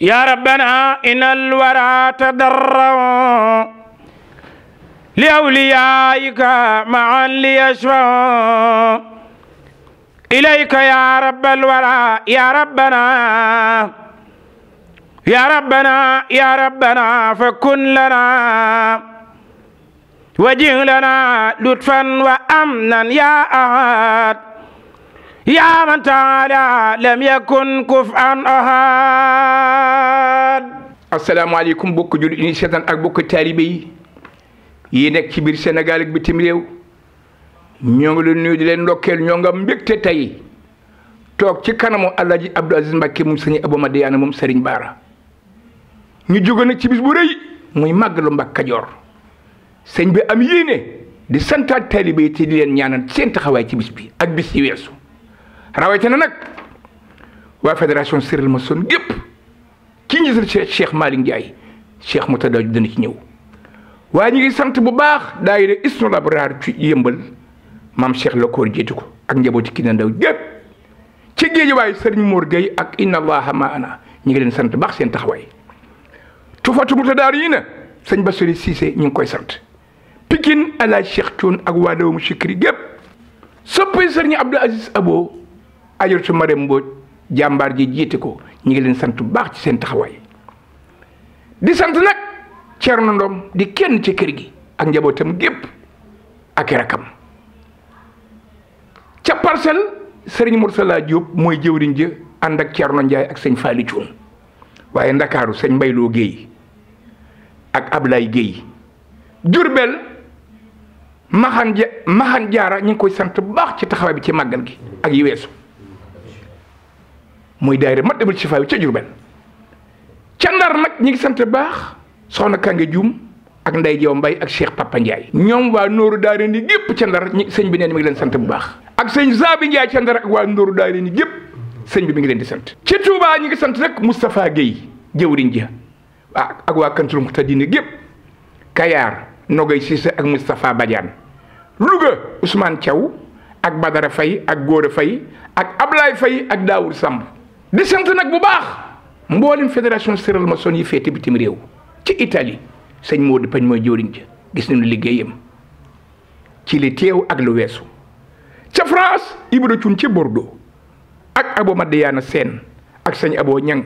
يا ربنا إن الورى تضروا لأوليائك معا ليشفعوا إليك يا رب الورى يا ربنا يا ربنا يا ربنا فكن لنا وجه لنا لطفا وأمنا يا أهد يا من تعالى لم يكن كفءا أحد asalaamaaleykum bokk jullit yi seetaan ak bokk taalibe yi yi nekk ci biir Sénégal ak bitim ñoo ngi leen nuyu di leen ndokkeel ñoo nga mbégte tey toog ci kanamu Alaaji Abdou Aziz Mbacké moom sëñ Abou Madiyana moom Serigne Bara ñu jóge nag ci bis bu rëy muy màggalu Mbàkke Kajoor sëñ bi am yéene di santaat taalibe yi te di leen ñaanal seen taxawaay ci bis bi ak bis yi weesu rawatina nag waa fédération Cyril Masson gépp ci njiital Cheikh Malick Ndiaye Cheikh Moutada dana ci ñëw waaye ñu ngi sant bu baax daayira Hizbut Labraar ci yëmbal maam Cheikh Lakoor jiitu ko ak njabooti ki na ndaw gépp ci géej waaye Serigne Mor Gueye ak inna allaha maana ñu ngi leen sant baax seen taxawaay tufatu Moutada yi na sëñ Bassirou Cissé ñu ngi koy sant Pikine El Hadj Cheikh Thioune ak waa Dawu Chikri gépp soppi Serigne Abdou Aziz Abo ci Marème Mbodj jàmbaar ji jiite ko ñu ngi leen sant bu baax ci seen taxawaay di sant nag Thierno Ndom di kenn ci kër gi ak njabootam gépp ak rakam ca parcelle Serigne Moursala Diop mooy jëwriñ jë ànd ak Thierno Ndiaye ak sëñ Fallou Thioune waaye Ndakaaru sëñ Mbayloo Guèye ak Ablaye Guèye Jurbel Maxan ja Maxan Jaara ñu ngi koy sant bu baax ci taxawaay bi ci màggal gi ak yu weesu muy daayira Matlabul Chifaay ca Jurbel ca Ndar nag ñi ngi sant baax soxna Kange Dioum ak Ndeye Diaw Mbaye ak Cheikh Papa Ndiaye ñoom waa Nooru Daara ni gépp ca Ndar ñi sëñ bi neen mi ngi leen sant bu baax ak sëñ Zabi Ndiaye ca Ndar ak waa ni gépp sëñ bi mi ngi leen di sant ci Touba ñi ngi sant nag Moustapha Guèye jëwriñ ja ak waa Kantul Muhtadina gépp Kayar Nogay Cissé ak Moustapha Badiane luga Ousmane Thiaw ak Badara fay ak Gora fay ak Ablaye fay ak Daoud Samb di sant nag bu baax mboolem fédération séralmaçon yi féete bitim réew ci Italie sëñ Modou Pañ mooy jëwriñ ja gis nañu liggéeyam ci li teew ak lu weesu ca France Ibra Cuun ca Bordeaux ak Abo Madiana seen ak sëñ Abo ñan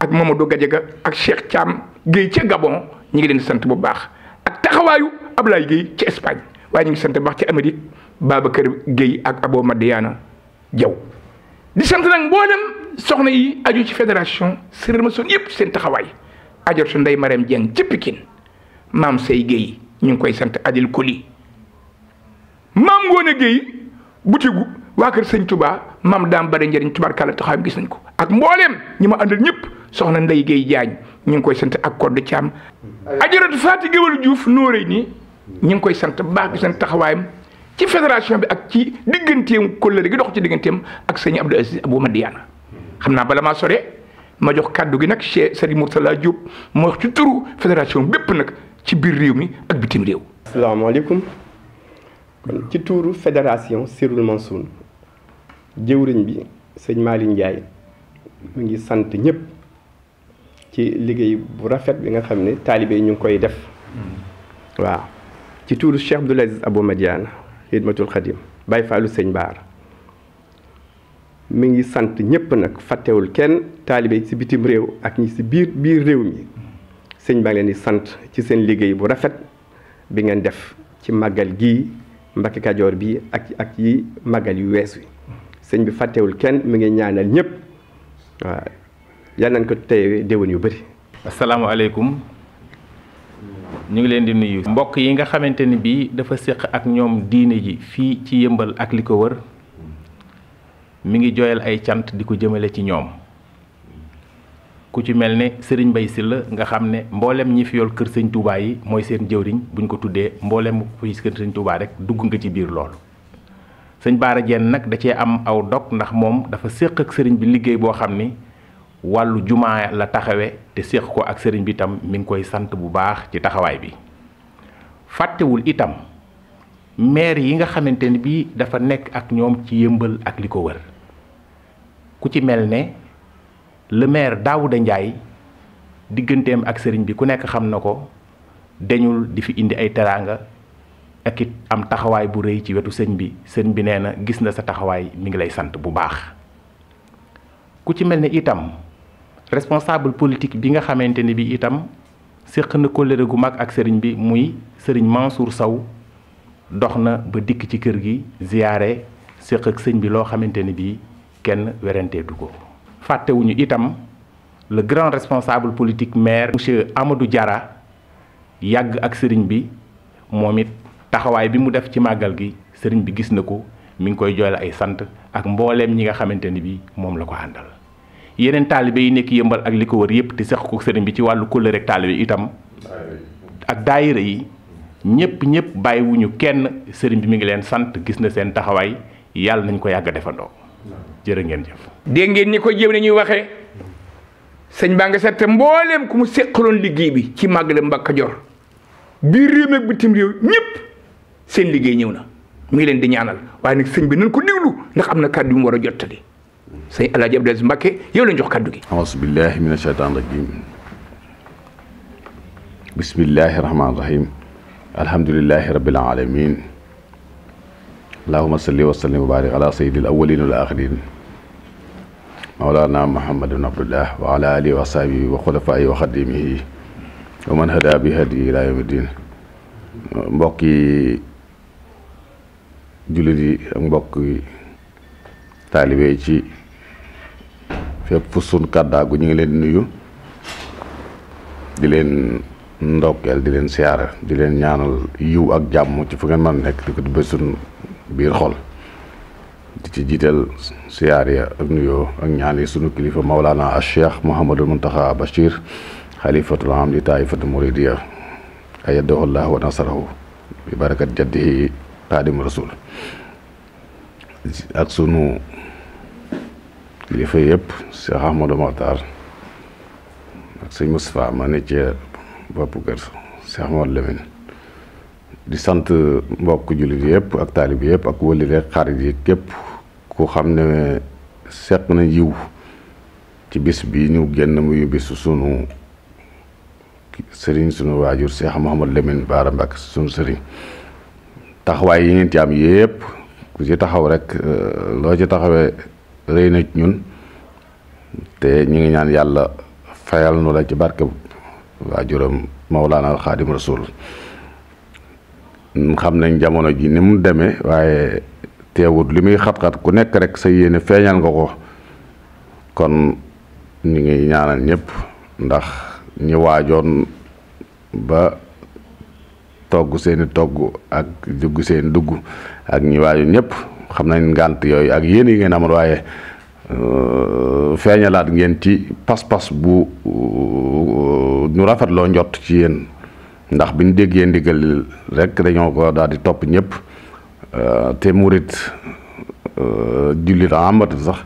ak Mamadou Gadiaga ak Cheikh Thiam Guèye ca Gabon ñu ngi leen sant bu baax ak taxawaayu Ablaye Guèye ci Espagne waaye ñu ngi sant bu baax ci Amérique kër géey ak Abo Madiana jaw di sant nag mboolem soxna yi aju ci fédération Sëriñ Mansour yëpp seen taxawaay ajartu Ndeye Marème Dieng ci Pikine maam Sey Guèye ñu ngi koy sant Adil Koli maam Ngoone Guèye butigu waa kër sëñ Touba maam daam bare njariñ njëriñ tubaarkàlla taxawaayam gis nañ ko ak mbooleem ñi ma àndal ñëpp soxna ndey géey Diagne ñu ngi koy sant ak Codé Thiam. ajaratu Faati Géwal Diouf nooree nii ñu ngi koy sant baax gis nañ taxawaayam. ci fédération bi ak ci digganteem kóllëre gi dox ci digganteem ak sëñ Abdou Aziz Abou Madiana xamna bala ma sore ma jox kàddu gi nak Cheikh Serigne Mourtala Diop mo wax ci turu fédération bépp nak ci bir réew mi ak bitim réew. assalamu alaykum ci turu fédération Sirul Mansour jëwriñ bi sëñ Malick Ndiaye mu ngi sante ñep ci liggéey bu rafet bi nga xamné talibé ñu koy def waaw ci turu Cheikh Abdoul Abou Madiane khidmatul khadim Baye Fallou sëñ bar mi ngi sant ñëpp nag fàttewul kenn taalibe yi ci bitim réew ak ñi ci biir biir réew mi sëñ baa ngi di sant ci seen liggéey bu rafet bi ngeen def ci màggal gi Mbàkke Kajoor bi ak yi màggal yu wees wi sëñ bi fàttewul kenn mi ngi ñaanal ñëpp waaw yal nañ ko tey déwén yu bëri. asalaamaaleykum ñu ngi leen di nuyu. mbokk yi nga xamante ni bii dafa séq ak ñoom diine ji fii ci yëmbal ak li ko wër. mi ngi jooyal ay cant di ko jëmale ci ñoom ku ci mel ne sëriñ bay Sylla nga xam ne mboolem ñi fi yor kër sëñ Touba yi mooy seen jëwriñ buñ ko tuddee mboolem fi kër sëñ Touba rek dugg nga ci biir loolu. sëñ nag da cee am aw dog ndax moom dafa séq ak sëriñ bi liggéey boo xam ni wàllu jumaa la taxawe te séq ko ak sëriñ bi itam mi ngi koy sant bu baax ci taxawaay bi fàttewul itam maire yi nga xamante ne bii dafa nekk ak ñoom ci yëmbal ak li ko wër. ku ci melne ne le maire Daouda ndjay digganteem ak serigne bi ku nek xam na ko di fi indi ay teranga ak am taxaway bu reuy ci wetu serigne bi serigne bi neena gis na sa taxaway mi ngi lay sante bu baax ku ci melne itam responsable politique bi nga xamanteni bi itam sekk na kóllëre gu mag ak serigne bi muy serigne Mansour saw doxna ba dik ci kër gi ziaré sekk ak serigne bi lo xamanteni bi kenn werenteedu ko fàttewuñu itam le grand responsable politique maire monsieur Amadou Jara, yàgg ak sëriñ bi moom it bi mu def ci màggal gi sëriñ bi gis na ko mi ngi koy ay sant ak mbooleem ñi nga xamante bi moom la ko àndal yeneen taalibe yi nekk yëmbal ak li ko wër yëpp te seq ko sëriñ bi ci wàllu kóllëre ak itam ak daayira yi ñëpp ñëpp bàyyiwuñu kenn sëriñ bi mi ngi leen sant gis na seen taxawaay yàlla nañ ko yàgg defandoo jërë ngeen jëf. dégg ngeen ni ko jéem nañuy waxee sëñ baa nga seet mbooleem ku mu loon liggéey bi ci màggalam Mbàkke Kajoor biir réew mi ak bitim réew seen liggéey ñëw na mu ngi leen di ñaanal waaye nag sëñ bi nañ ko déglu ndax am na kàddu yu mu war a jottali sëñ Alaaji Abdou Aziz Mbàkke yow lañ jox kàddu ki a billaahi mina shaytaani rajiim bismillaahi rahmaani rahiim alhamdulillaahi rabbil aalamiin اللهم صل وسلم وبارك على سيد الاولين والاخرين مولانا محمد بن عبد الله وعلى اله وصحبه وخلفائه وخدمه ومن هدى بهدي الى يوم الدين مبوكي جلدي مبوكي طالبي شي فيب فسون كاداغو نيغي لين نويو di len ndokel di len siar di len ñaanal yu ak jamm ci fu ngeen man nek di ko sun biir xol di ci jiital siyaar ya ak nuyoo ak ñaani sunu kilifa Mawlana al Cheikh Mouhamadul Muntaxa Bachir xalifatul am di taifatu muridiya ayadahu llah wa nasarahu bi barakat jaddihi xaadim rasul ak sunu kilifa yëpp Cheikh Ahmadou Maxtar ak sëñ Moustapha ma ne ci bopp kër Cheikh Mouhamadou Lamine di sant mbokk jullit yëpp ak taalib yëpp ak wëli rek xarit yi képp ku xam ne seq na yiw ci bis bi ñu génn muy bisu sunu sëriñ sunu waajur Cheikh Mouhamad Lamine Bara Mbacké sunu sëriñ taxawaay yi ngeen ci am yëpp ku ci taxaw rek euh, loo ci taxawee rëy na ñun te ñu ngi ñaan yàlla fayal nu la ci barke waajuram Mawlaana Xaadim Rasul xam nañ jamono ji ni mu demee waaye teewut limi xat-xat ku nek rek sa yene feñal nga ko kon ni ngi ñaanal ñëpp ndax ñi wajoon ba togg seen togg ak dugg seen dugg ak ñi waajoon ñëpp xam nañ ngant yoy ak yene yi ngeen amal waaye euh, feñalat ngeen ci pas-pas bu ñu lo ñott ci yene ndax bi ñu déggee ndigal rek dañoo ko daal di topp ñëpp euh, te murit euh, jullit amatul sax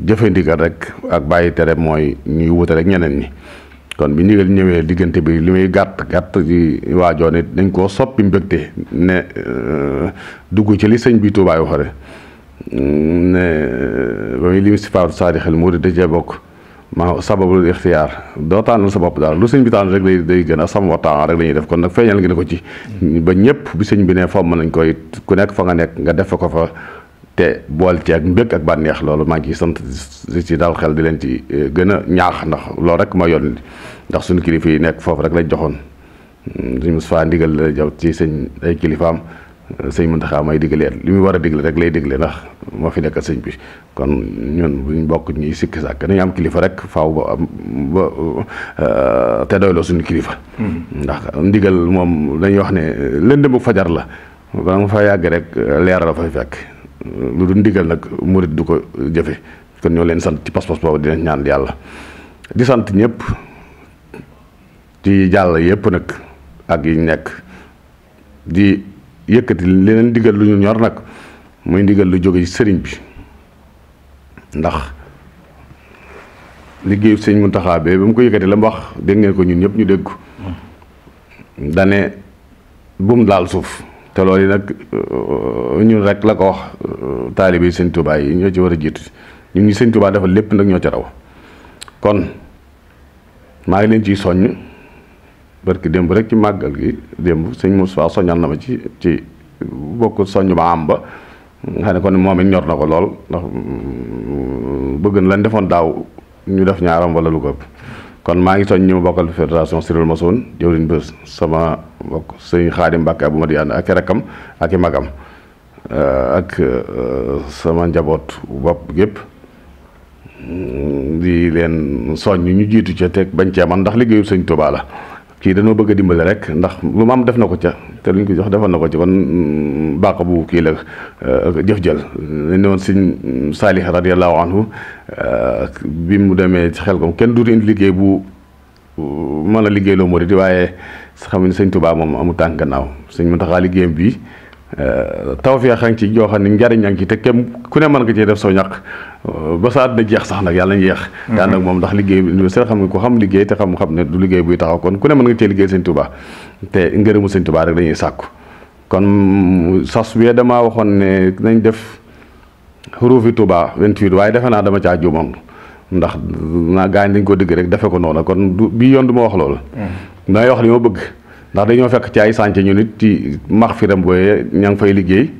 jëfe ndigal rek ak bàyyi tere mooy ñuy wute rek ñeneen ñi kon bi ndigal ñëwee diggante bi li muy gàtt gàtt ci waajoon it dañ koo soppi mbégte ne euh, dugg ci li sëñ bi Tuubaa waxare mm, ne ba muy li mu sifaaru saadixal murit da cee bokk maa sababul ixtiyaar doo tànnal sa bopp daal lu sëñ bi taal rek day day gën a sam waxtaan rek la ñuy def kon nag feeñal ngeen ko ci ba ñëpp bi sëñ bi ne fomm nañ koy ku nekk fa nga nekk nga def ko fa te bool ci ak mbëgg ak bànneex loolu maa ngi sant sant ci daal xel di leen ci eh, gën a ñaax ndax loolu rek ma yoon ndax suñu kilifa yi nekk foofu rek lañ joxoon mm, suñu Mustafaa ndigal la jaw ci sëñ ay kilifaam sëñ Muntaxa may digle li muy war a digle rek lay digle ndax moo fi nekkal sëñ bi kon ñun buñ bokk ñuy sikki sàkk dañu am kilifa rek faw ba am ba euh, te doyloo suñu kilifa. Mm-hmm. ndax ndigal moom dañuy wax ne lëndëm bu fajar la ba nga fa yàgg rek leer la fay fekk lu du ndigal nag murit du ko jëfe kon ñëw leen sant ci pas-pas boobu dina ñaan yàlla di sant ñëpp ci jàll yëpp nag ak yi nekk di. yëkkati leneen diggal lu ñu ñor nag muy ndigal lu jóge ci sëriñ bi ndax liggéeyu sëñ Muntaxa bee ba mu ko yëkkati la mu wax dégg ko ñun ñëpp ñu déggu ko dane bum daal suuf te loolu yi nag euh, ñun rek la ko wax euh, taalibe yi sëñ Tuubaa yi ñoo ci war a jiitu ñun ñi sëñ Tuubaa dafa lépp nag ñoo ci raw kon maa ngi leen ciy soññ barki démb rek ci màggal gi démb sëñ Moussa soñal na ma ci ci bokk soñ ma am ba nga ne kon moom it ñor na ko lool ndax mm, bëgg na lañ defoon daaw ñu def ñaaram wala lu ko ëpp kon maa ngi soñ ñu ma bokkal fédération Cyril Massone ma ba sama bokk sëñ Xaadim Mbàkke Abu Madiyaan ak i rakkam ak magam euh, ak euh, sama njaboot bopp gépp mm, di leen soññ ñu jiitu ca teg bañ cee man ndax liggéeyu sëñ Tuubaa kii dañoo bëgg a dimbali rek ndax lu ma am def na ko ca te luñ ko jox defal na ko ca kon mm, bàq bu kii la euh, jëf jël li ne woon sëñ Saalih radiyallahu anhu euh, bi mu demee ci xel ko kenn duutu indi liggéey bu mën a liggéey loo di waaye xam ne sëñ Tuubaa moom amu tànk gannaaw sëñ Muntaxaa liggéeyam bii Euh, tawfeex a ngi ci joo xam ne njariñ a ngi ci te kem ku ne mën nga cee def soo ñàq euh, ba sa àddina jeex sax nag yàlla na jeex te ànd ak moom ndax liggéey université xam nga ko xam liggéey te xam xam ne du liggéey buy taxaw kon ku ne mën nga cee liggéey sëñ Tuubaa te ngërëmu sëñ Tuubaa rek dañuy sàkku kon sas bee damaa waxoon ne nañ def xuruufi Tuubaa 28 waaye defe naa dama caa juumoon ndax naa gaañ dañ ko dëgg rek defe ko noonu kon du bii yoon du wax loolu. Mhm. damay wax li ma bëgg. ndax dañoo fekk ci ay sànce ñu nit ci max firam booyee ña ngi fay liggéey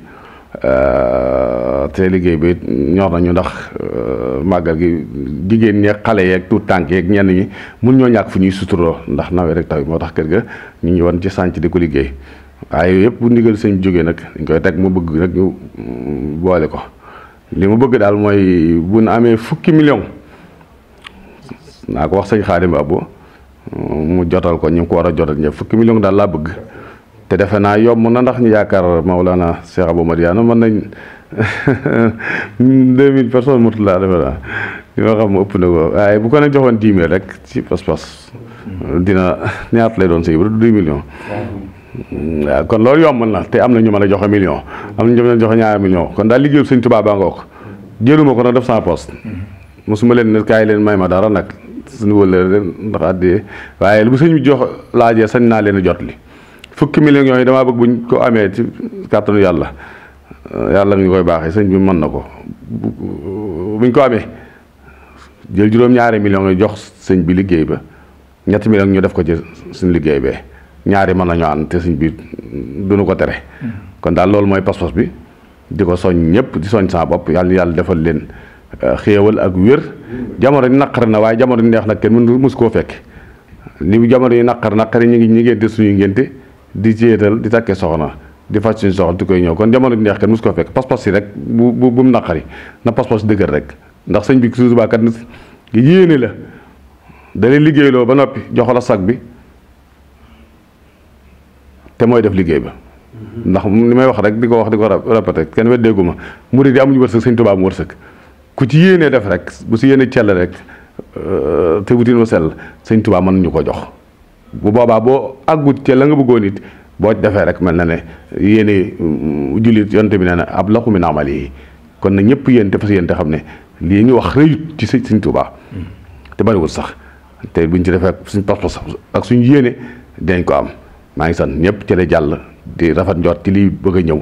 euh, te liggéey bi ñor nañu ndax euh, màggal gi jigéen ñi xale yeek tuut tànk yeeg ñenn ñi mun ñoo ñàkk fu ñuy suturoo ndax nawet rek taw moo tax kër ga ñu ngi woon ci sànc di ko liggéey waaye yëpp bu ndigal sëñ jógee nag dañ koy teg mu bëgg nag mm, boole ko li mu bëgg daal mooy bu nu amee fukki million naa ko wax sëñ Xaadim Abbo mu jotal ko ñu ko war a jotal ñëpp fukki million daal laa bëgg te defe naa yomb na ndax ñu yaakaar Maulana Cheikh Abou Madiana mën nañ deux mille personnes motul laa defe naa ma xam mu ëpp na bu ko ne joxoon dix rek ci dina ñaat lay doon si bu deux millions waaw kon loolu na te am na ñu mën a joxe million am na ñu mën a joxe ñaari million kon daal liggéeyul Sëñ Tuubaa baa ngoog jëluma ko nag def sans poste mosuma leen ne kaay leen may ma dara nag suñu wëllëre ndax àddee waaye lu sëñ bi jox laajee sañ naa leen jot li fukki millions yi damaa bëgg buñ ko amee ci kàttanu yàlla yàlla mi ngi koy baaxee sëñ bi mën na ko buñ ko amee jël juróom-ñaari millions yi jox sëñ bi liggéey ba ñetti millions ñu def ko ci suñ liggéey be ñaari mën nañoo ànd te sëñ bi duñu ko tere mm-hmm. kon daal loolu mooy pas bi di ko soñ ñëpp di soñ saa bopp yàlla yàlla defal leen Euh, xéewal ak wér jamono yi naqar na waaye jamono yi neex nag kenn mën mos koo fekk li jamono yi naqar naqar yi ñu ngi ñu ngénte suñuy ngénte di jéetal di takkee na di faj suñu soxla di koy ñëw kon jamono yi neex kenn mos koo fekk pas-pas si rek bu bu bu mu naqari na pas-pas dëgër rek ndax sëñ bi toujours baakat yéene la dalay liggéeyloo ba noppi jox la sag bi te mooy def liggéey ba ndax li may wax rek di ko wax di ko répété kenn weddeegu ma murid yi amuñu wërsëg sëñ Tuubaa mu wërsëg ku ci yéene def rek bu si yéene cell rek euh, te wutin sell sëñ Tuubaa mën nañu ko jox bu boobaa boo àggut ca la nga bëggoon it boo defee rek mel na ne yéene mm, jullit yonte bi ne na ab laxu min amali yi kon na ñëpp yéen te fas yéen te xam ne lii ñu wax rëyut ci sëñ Tuubaa mm. te bariwul sax te buñ ci defee suñ pas-pas ak suñ yéene dinañ ko am maa ngi sant ñëpp ci la jàll di rafet njort ci liy bëgg a ñëw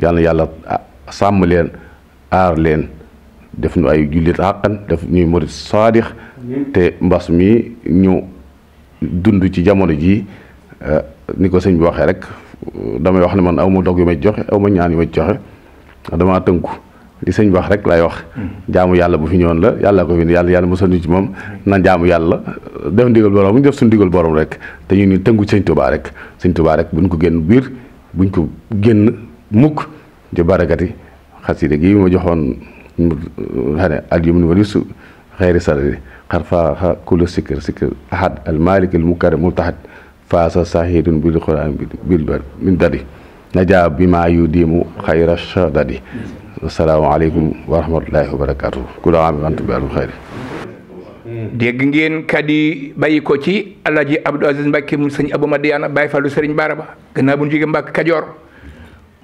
yàlla yàlla ah, sàmm leen aar leen def ñu ay jullit xàqan def ñuy murit saadix te mbas mi ñu dund ci jamono jii eh, ni ko sëñ bi waxee rek damay wax ne man aw ma dog yu may joxe aw ma ñaan yu may joxe damaa tënku li sëñ wax rek lay wax. Mm-hmm. jaamu yàlla bu fi ñëwoon la yàlla ko fi yàlla yàlla mosal ñu ci moom na yàlla def ndigal borom def suñu ndigal borom rek te ñu ni tënku sëñ Tuubaa rek sëñ Tuubaa rek buñ ko génn biir buñ ko génn mukk di barakati xasida gi ma joxoon. اليمن وليس غير سرده قرفاها كل سكر سكر أحد المالك المكرم ملتحد فاس ساهر بالقرآن بالبر من ددي نجا بما يديم خير الشدد السلام عليكم ورحمة الله وبركاته كل عام وأنتم بألف خير ngeen kadi bàyyi ci alaji abdou aziz mbacke mu sëñ abou madiana baye fallu sëriñ baraba gannaaw bu ñu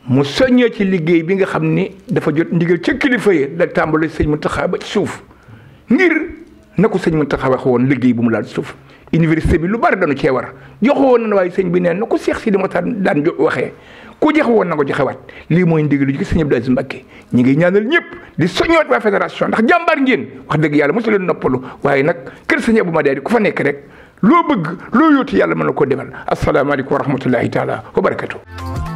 mu soññee ci liggéey bi nga xam ni dafa jot ndigal ca kilifa yi da tàmbali sëñ Mountakha ba ci suuf ngir na ko sëñ Mountakha wax woon liggéey bu mu laal suuf université bi lu bari dañu cee war jox woon na waaye sëñ bi neen na ko Seex Sidi Moxtaar daan waxee ku jox woon na ko joxewaat lii mooy ndigal ju sëñ Abdou Aziz Mbacké ñi ngi ñaanal ñëpp di soññoot waa fédération ndax jàmbaar ngeen wax dëgg yàlla mosu leen noppalu waaye nag kër sëñ Abou Madiane ku fa nekk rek loo bëgg loo yóotu yàlla mën na koo demal asalaamaaleykum wa rahmatullahi taala wa